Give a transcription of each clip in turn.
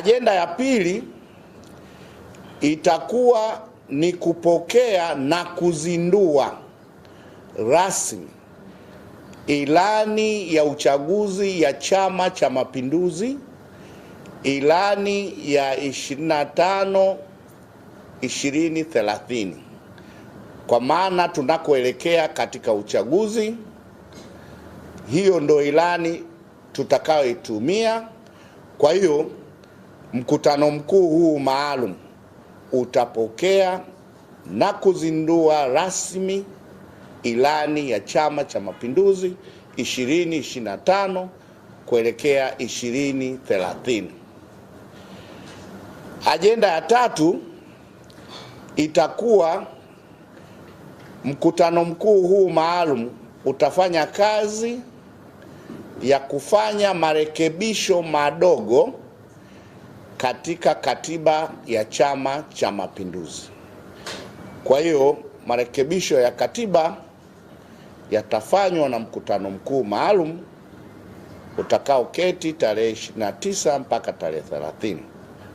Ajenda ya pili itakuwa ni kupokea na kuzindua rasmi ilani ya uchaguzi ya Chama cha Mapinduzi, ilani ya 25 2030 kwa maana tunakoelekea katika uchaguzi. Hiyo ndo ilani tutakayoitumia. Kwa hiyo Mkutano mkuu huu maalum utapokea na kuzindua rasmi ilani ya Chama cha Mapinduzi 2025 kuelekea 2030. Ajenda ya tatu itakuwa mkutano mkuu huu maalum utafanya kazi ya kufanya marekebisho madogo katika katiba ya Chama cha Mapinduzi. Kwa hiyo marekebisho ya katiba yatafanywa na mkutano mkuu maalum utakaoketi tarehe 29 mpaka tarehe 30,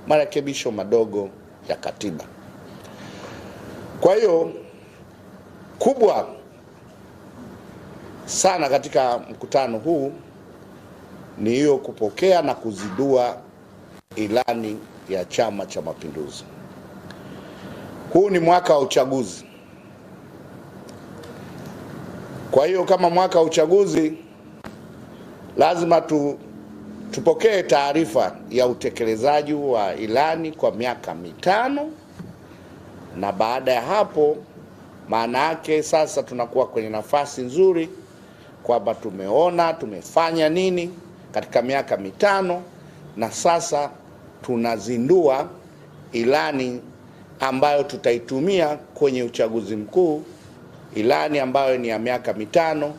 marekebisho madogo ya katiba. Kwa hiyo kubwa sana katika mkutano huu ni hiyo kupokea na kuzidua ilani ya Chama cha Mapinduzi. Huu ni mwaka wa uchaguzi, kwa hiyo kama mwaka wa uchaguzi lazima tu, tupokee taarifa ya utekelezaji wa ilani kwa miaka mitano, na baada ya hapo, maana yake sasa tunakuwa kwenye nafasi nzuri kwamba tumeona tumefanya nini katika miaka mitano na sasa tunazindua ilani ambayo tutaitumia kwenye uchaguzi mkuu, ilani ambayo ni ya miaka mitano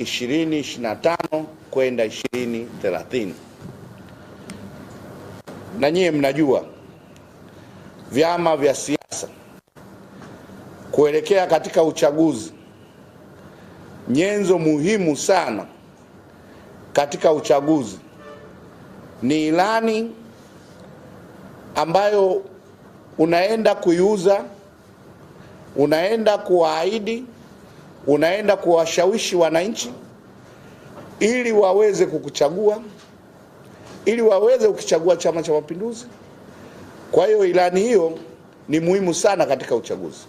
2025 kwenda 2030. Na nyie mnajua vyama vya siasa kuelekea katika uchaguzi, nyenzo muhimu sana katika uchaguzi ni ilani ambayo unaenda kuiuza, unaenda kuwaahidi, unaenda kuwashawishi wananchi ili waweze kukuchagua, ili waweze kukichagua Chama cha Mapinduzi. Kwa hiyo ilani hiyo ni muhimu sana katika uchaguzi.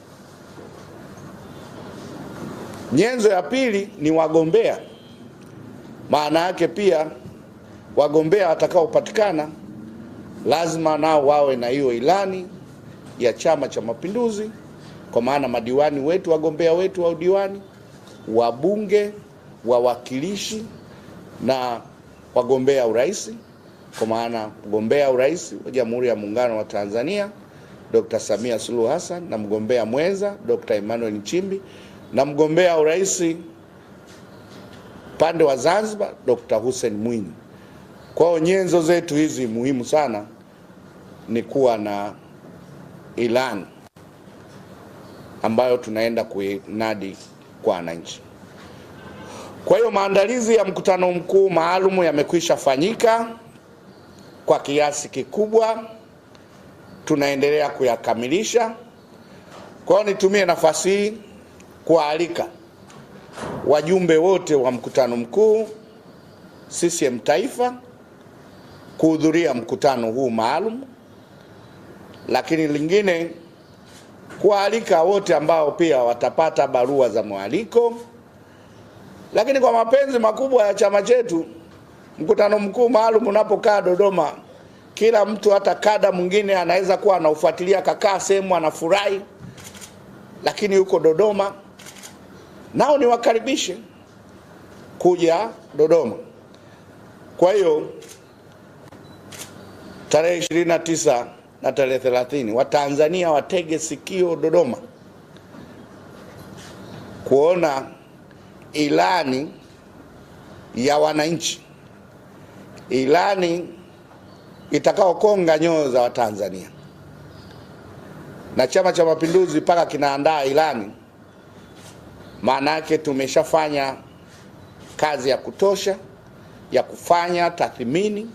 Nyenzo ya pili ni wagombea, maana yake pia wagombea watakaopatikana lazima nao wawe na hiyo ilani ya Chama cha Mapinduzi, kwa maana madiwani wetu, wagombea wetu wa udiwani, wabunge, wawakilishi na wagombea urais, kwa maana mgombea urais wa Jamhuri ya Muungano wa Tanzania Dr. Samia Suluhu Hassan na mgombea mwenza Dr. Emmanuel Nchimbi na mgombea urais pande wa Zanzibar Dr. Hussein Mwinyi. Kwao nyenzo zetu hizi muhimu sana ni kuwa na ilani ambayo tunaenda kuinadi kwa wananchi. Kwa hiyo maandalizi ya mkutano mkuu maalum yamekwisha fanyika kwa kiasi kikubwa, tunaendelea kuyakamilisha. Kwa hiyo nitumie nafasi hii kuwaalika wajumbe wote wa mkutano mkuu CCM Taifa kuhudhuria mkutano huu maalum, lakini lingine kuwaalika wote ambao pia watapata barua za mwaliko. Lakini kwa mapenzi makubwa ya chama chetu, mkutano mkuu maalum unapokaa Dodoma, kila mtu, hata kada mwingine anaweza kuwa anaufuatilia, kakaa sehemu anafurahi, lakini yuko Dodoma. Nao niwakaribishe kuja Dodoma. Kwa hiyo tarehe 29 na tarehe 30, Watanzania watege sikio Dodoma kuona ilani ya wananchi, ilani itakaokonga nyoyo za Watanzania. Na Chama cha Mapinduzi mpaka kinaandaa ilani, maana yake tumeshafanya kazi ya kutosha ya kufanya tathmini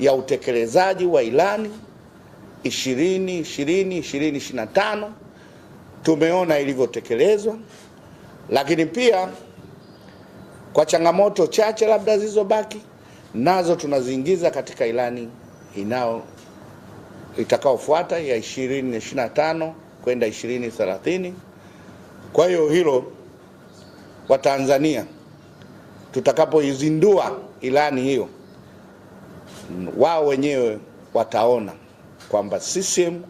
ya utekelezaji wa ilani 20 20 2025 tumeona ilivyotekelezwa, lakini pia kwa changamoto chache labda zilizobaki nazo tunaziingiza katika ilani inao itakaofuata ya 2025 kwenda 2030. Kwa hiyo hilo Watanzania tutakapoizindua ilani hiyo wao wenyewe wataona kwamba CCM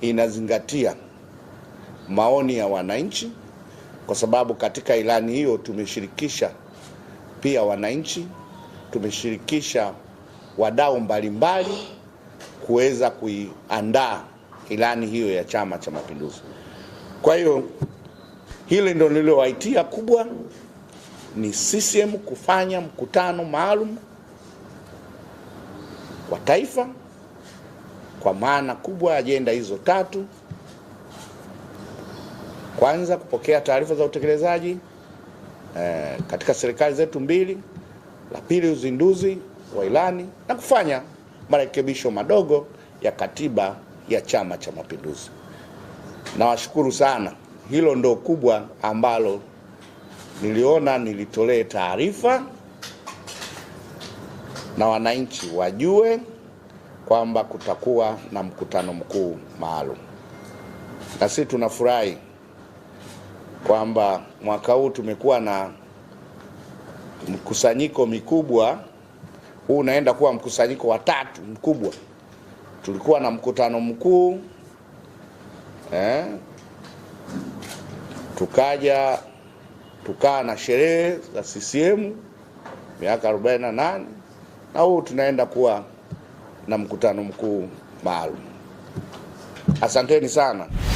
inazingatia maoni ya wananchi, kwa sababu katika ilani hiyo tumeshirikisha pia wananchi, tumeshirikisha wadau mbalimbali kuweza kuiandaa ilani hiyo ya Chama cha Mapinduzi. Kwa hiyo hili ndio lililowaitia kubwa ni CCM kufanya mkutano maalum taifa kwa maana kubwa ajenda hizo tatu: kwanza, kupokea taarifa za utekelezaji eh, katika serikali zetu mbili; la pili, uzinduzi wa ilani na kufanya marekebisho madogo ya katiba ya Chama cha Mapinduzi. Nawashukuru sana, hilo ndo kubwa ambalo niliona nilitolee taarifa na wananchi wajue kwamba kutakuwa na mkutano mkuu maalum, na sisi tunafurahi kwamba mwaka huu tumekuwa na mkusanyiko mikubwa. Huu unaenda kuwa mkusanyiko wa tatu mkubwa. Tulikuwa na mkutano mkuu eh, tukaja tukaa na sherehe za CCM miaka 48 na huu tunaenda kuwa na mkutano mkuu maalum. Asanteni sana.